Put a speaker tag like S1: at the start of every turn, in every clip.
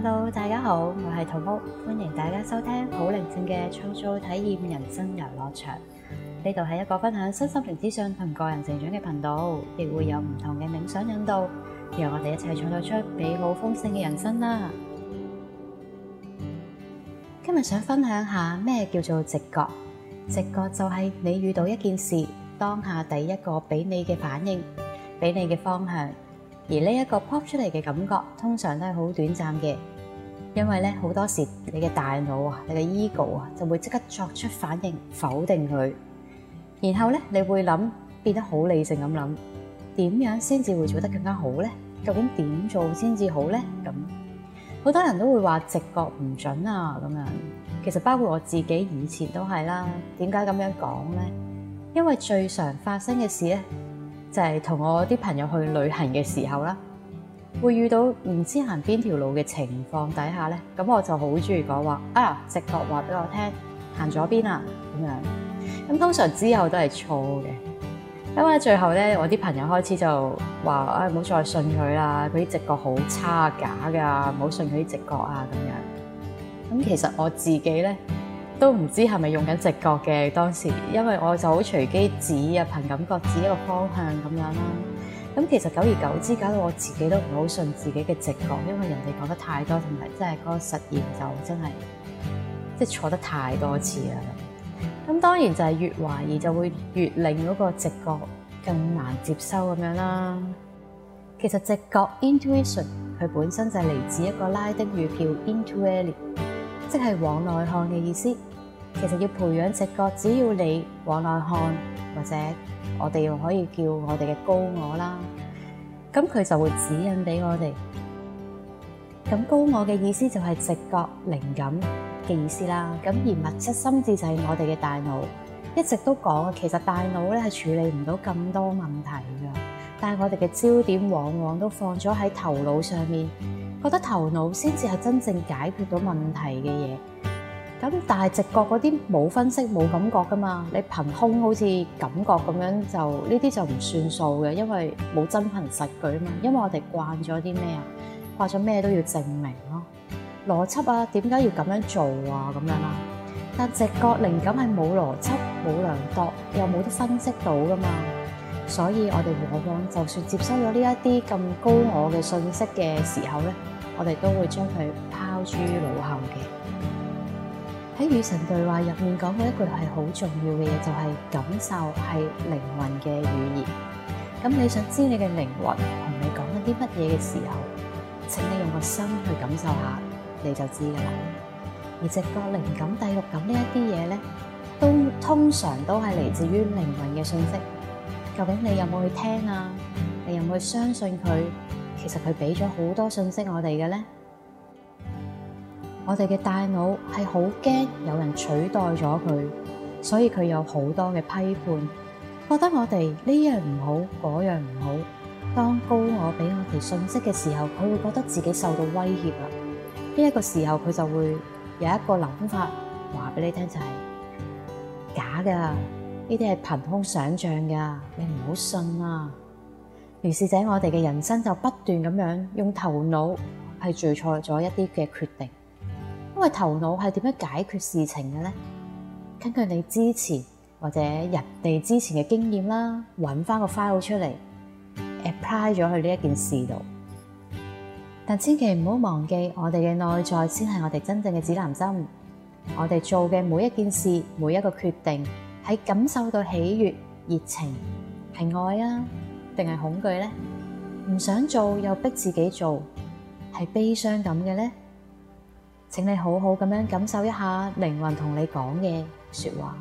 S1: Hello，大家好，我係陶屋，歡迎大家收聽好靈性嘅創造體驗人生遊樂場。呢度係一個分享身心靈資訊同個人成長嘅頻道，亦會有唔同嘅冥想引導，讓我哋一齊創造出美好豐盛嘅人生啦。今日想分享下咩叫做直覺？直覺就係你遇到一件事，當下第一個俾你嘅反應，俾你嘅方向。而呢一個 pop 出嚟嘅感覺，通常都係好短暫嘅，因為咧好多時你嘅大腦啊、你嘅 ego 啊，就會即刻作出反應否定佢，然後咧你會諗變得好理性咁諗，點樣先至會做得更加好咧？究竟點做先至好咧？咁好多人都會話直覺唔準啊咁樣，其實包括我自己以前都係啦。點解咁樣講咧？因為最常發生嘅事咧。就係同我啲朋友去旅行嘅時候啦，會遇到唔知行邊條路嘅情況底下咧，咁我就好鍾意講話，啊直覺話俾我聽行左邊啦咁樣，咁通常之後都係錯嘅。因為最後咧我啲朋友開始就話啊，唔好再信佢啦，佢啲直覺好差假噶，唔好信佢啲直覺啊咁樣，咁其實我自己咧。都唔知係咪用緊直覺嘅。當時，因為我就好隨機指啊，憑感覺指一個方向咁樣啦、啊。咁其實久而久之，搞到我自己都唔好信自己嘅直覺，因為人哋講得太多，同埋真係嗰個實驗就真係即係錯得太多次啊！咁當然就係越懷疑就會越令嗰個直覺更難接收咁樣啦、啊。其實直覺 intuition 佢本身就嚟自一個拉丁語叫 intuere。Int 即係往內看嘅意思，其實要培養直覺，只要你往內看，或者我哋又可以叫我哋嘅高我啦，咁佢就會指引俾我哋。咁高我嘅意思就係直覺、靈感嘅意思啦。咁而物質心智就係我哋嘅大腦，一直都講，其實大腦呢係處理唔到咁多問題噶，但係我哋嘅焦點往往都放咗喺頭腦上面。覺得頭腦先至係真正解決到問題嘅嘢，咁但係直覺嗰啲冇分析，冇感覺噶嘛，你憑空好似感覺咁樣就呢啲就唔算數嘅，因為冇真憑實據啊嘛。因為我哋慣咗啲咩啊，慣咗咩都要證明咯，邏輯啊，點解要咁樣做啊咁樣啊？但直覺靈感係冇邏輯、冇量度，又冇得分析到噶嘛。所以我哋往往就算接收咗呢一啲咁高我嘅信息嘅時候咧，我哋都會將佢拋諸腦後嘅。喺與神對話入面講過一句係好重要嘅嘢，就係、是、感受係靈魂嘅語言。咁你想知你嘅靈魂同你講一啲乜嘢嘅時候，請你用個心去感受下，你就知噶啦。而直覺、靈感、第六感呢一啲嘢咧，都通常都係嚟自於靈魂嘅信息。究竟你有冇去聽啊？你有冇去相信佢？其實佢俾咗好多信息我哋嘅咧。我哋嘅大腦係好驚有人取代咗佢，所以佢有好多嘅批判，覺得我哋呢樣唔好，嗰樣唔好。當高我俾我哋信息嘅時候，佢會覺得自己受到威脅啊！呢一個時候，佢就會有一個諗法，話俾你聽就係假噶。呢啲係憑空想象嘅，你唔好信啊！如是者我哋嘅人生就不斷咁樣用頭腦去做錯咗一啲嘅決定，因為頭腦係點樣解決事情嘅咧？根據你之前或者人哋之前嘅經驗啦，揾翻個 file 出嚟 apply 咗去呢一件事度，但千祈唔好忘記，我哋嘅內在先係我哋真正嘅指南針，我哋做嘅每一件事、每一個決定。係感受到喜悅、熱情，係愛啊，定係恐懼呢？唔想做又逼自己做，係悲傷咁嘅呢？請你好好咁樣感受一下靈魂同你講嘅説話。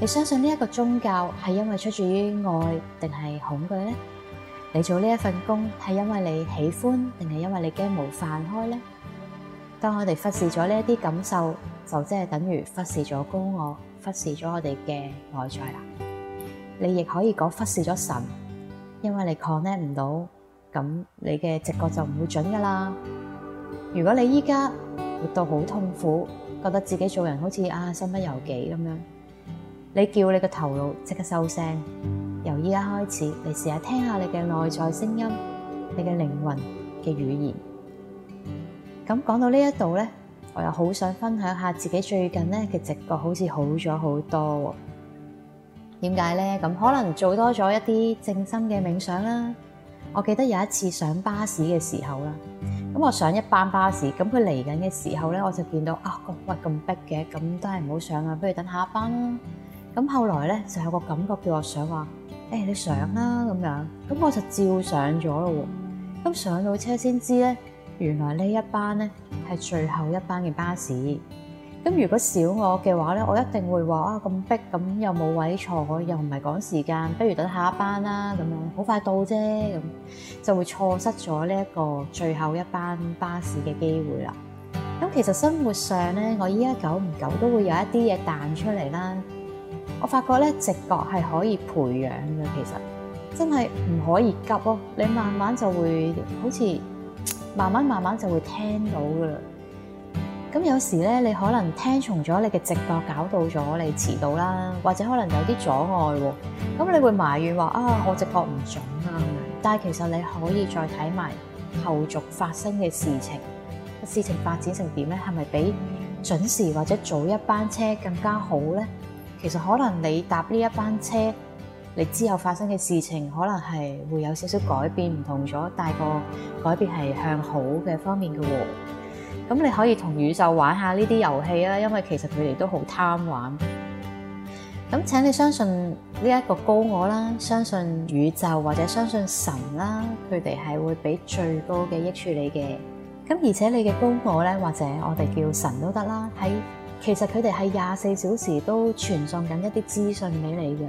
S1: 你相信呢一個宗教係因為出自於愛定係恐懼呢？你做呢一份工係因為你喜歡定係因為你驚冇飯開呢？當我哋忽視咗呢一啲感受，就即係等於忽視咗高我。忽視咗我哋嘅內在啦，你亦可以講忽視咗神，因為你 connect 唔到，咁你嘅直覺就唔會準噶啦。如果你依家活到好痛苦，覺得自己做人好似啊身不由己咁樣，你叫你嘅頭腦即刻收聲，由依家開始，你試下聽下你嘅內在聲音，你嘅靈魂嘅語言。咁講到呢一度咧。我又好想分享下自己最近咧嘅直覺好好，啊，好似好咗好多。點解咧？咁可能做多咗一啲正心嘅冥想啦。我記得有一次上巴士嘅時候啦，咁我上一班巴士，咁佢嚟緊嘅時候咧，我就見到，啊喂，咁逼嘅，咁都係唔好上啊，不如等下一班啦。咁後來咧就有個感覺叫我想話，誒、欸、你上啦咁樣，咁我就照上咗咯喎。咁上到車先知咧。原來呢一班呢係最後一班嘅巴士，咁如果少我嘅話呢，我一定會話啊，咁逼，咁又冇位坐，又唔係趕時間，不如等下一班啦咁樣，好快到啫咁，就會錯失咗呢一個最後一班巴士嘅機會啦。咁其實生活上呢，我依家久唔久都會有一啲嘢彈出嚟啦。我發覺呢直覺係可以培養嘅，其實真係唔可以急囉，你慢慢就會好似。慢慢慢慢就會聽到噶啦。咁有時咧，你可能聽從咗你嘅直覺搞到咗你遲到啦，或者可能有啲阻礙，咁你會埋怨話啊，我直覺唔準啊。但係其實你可以再睇埋後續發生嘅事情，事情發展成點咧，係咪比準時或者早一班車更加好咧？其實可能你搭呢一班車。你之後發生嘅事情可能係會有少少改變，唔同咗，但係個改變係向好嘅方面嘅喎、哦。咁你可以同宇宙玩下呢啲遊戲啦，因為其實佢哋都好貪玩。咁請你相信呢一個高我啦，相信宇宙或者相信神啦，佢哋係會俾最高嘅益處你嘅。咁而且你嘅高我咧，或者我哋叫神都得啦，喺其實佢哋係廿四小時都傳送緊一啲資訊俾你嘅。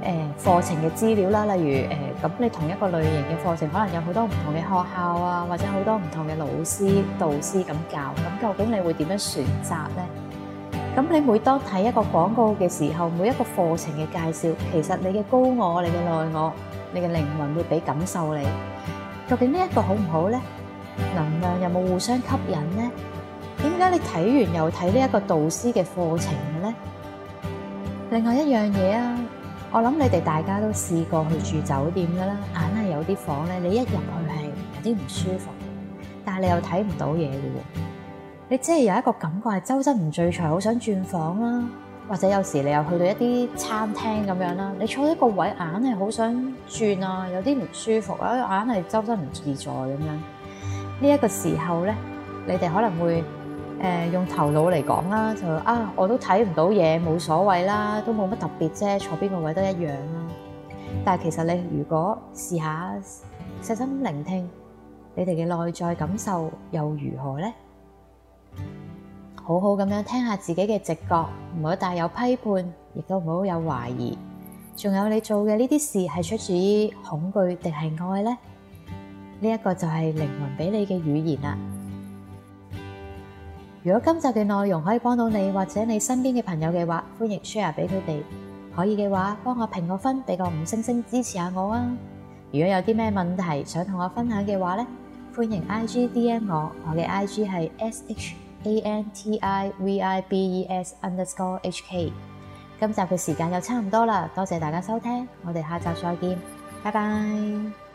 S1: 誒課程嘅資料啦，例如誒咁，欸、你同一個類型嘅課程，可能有好多唔同嘅學校啊，或者好多唔同嘅老師導師咁教，咁究竟你會點樣選擇呢？咁你每當睇一個廣告嘅時候，每一個課程嘅介紹，其實你嘅高我、你嘅內我、你嘅靈魂會俾感受你，究竟呢一個好唔好呢？能量有冇互相吸引呢？點解你睇完又睇呢一個導師嘅課程呢？另外一樣嘢啊～我諗你哋大家都試過去住酒店㗎啦，硬係有啲房咧，你一入去係有啲唔舒服，但係你又睇唔到嘢嘅喎，你即係有一個感覺係周身唔聚財，好想轉房啦。或者有時你又去到一啲餐廳咁樣啦，你坐喺個位硬係好想轉啊，有啲唔舒服啊，硬係周身唔自在咁樣。呢一個時候咧，你哋可能會。誒、呃、用頭腦嚟講啦，就啊我都睇唔到嘢，冇所謂啦，都冇乜特別啫，坐邊個位都一樣啦，啊。但係其實你如果試下細心聆聽你哋嘅內在感受又如何呢？好好咁樣聽下自己嘅直覺，唔好帶有批判，亦都唔好有懷疑。仲有你做嘅呢啲事係出自於恐懼定係愛呢？呢、這、一個就係靈魂俾你嘅語言啦。如果今集嘅內容可以幫到你或者你身邊嘅朋友嘅話，歡迎 share 俾佢哋。可以嘅話，幫我評個分，俾個五星星支持下我啊！如果有啲咩問題想同我分享嘅話咧，歡迎 IG DM 我，我嘅 IG 係 shantivibes_hk。今集嘅時間又差唔多啦，多謝大家收聽，我哋下集再見，拜拜。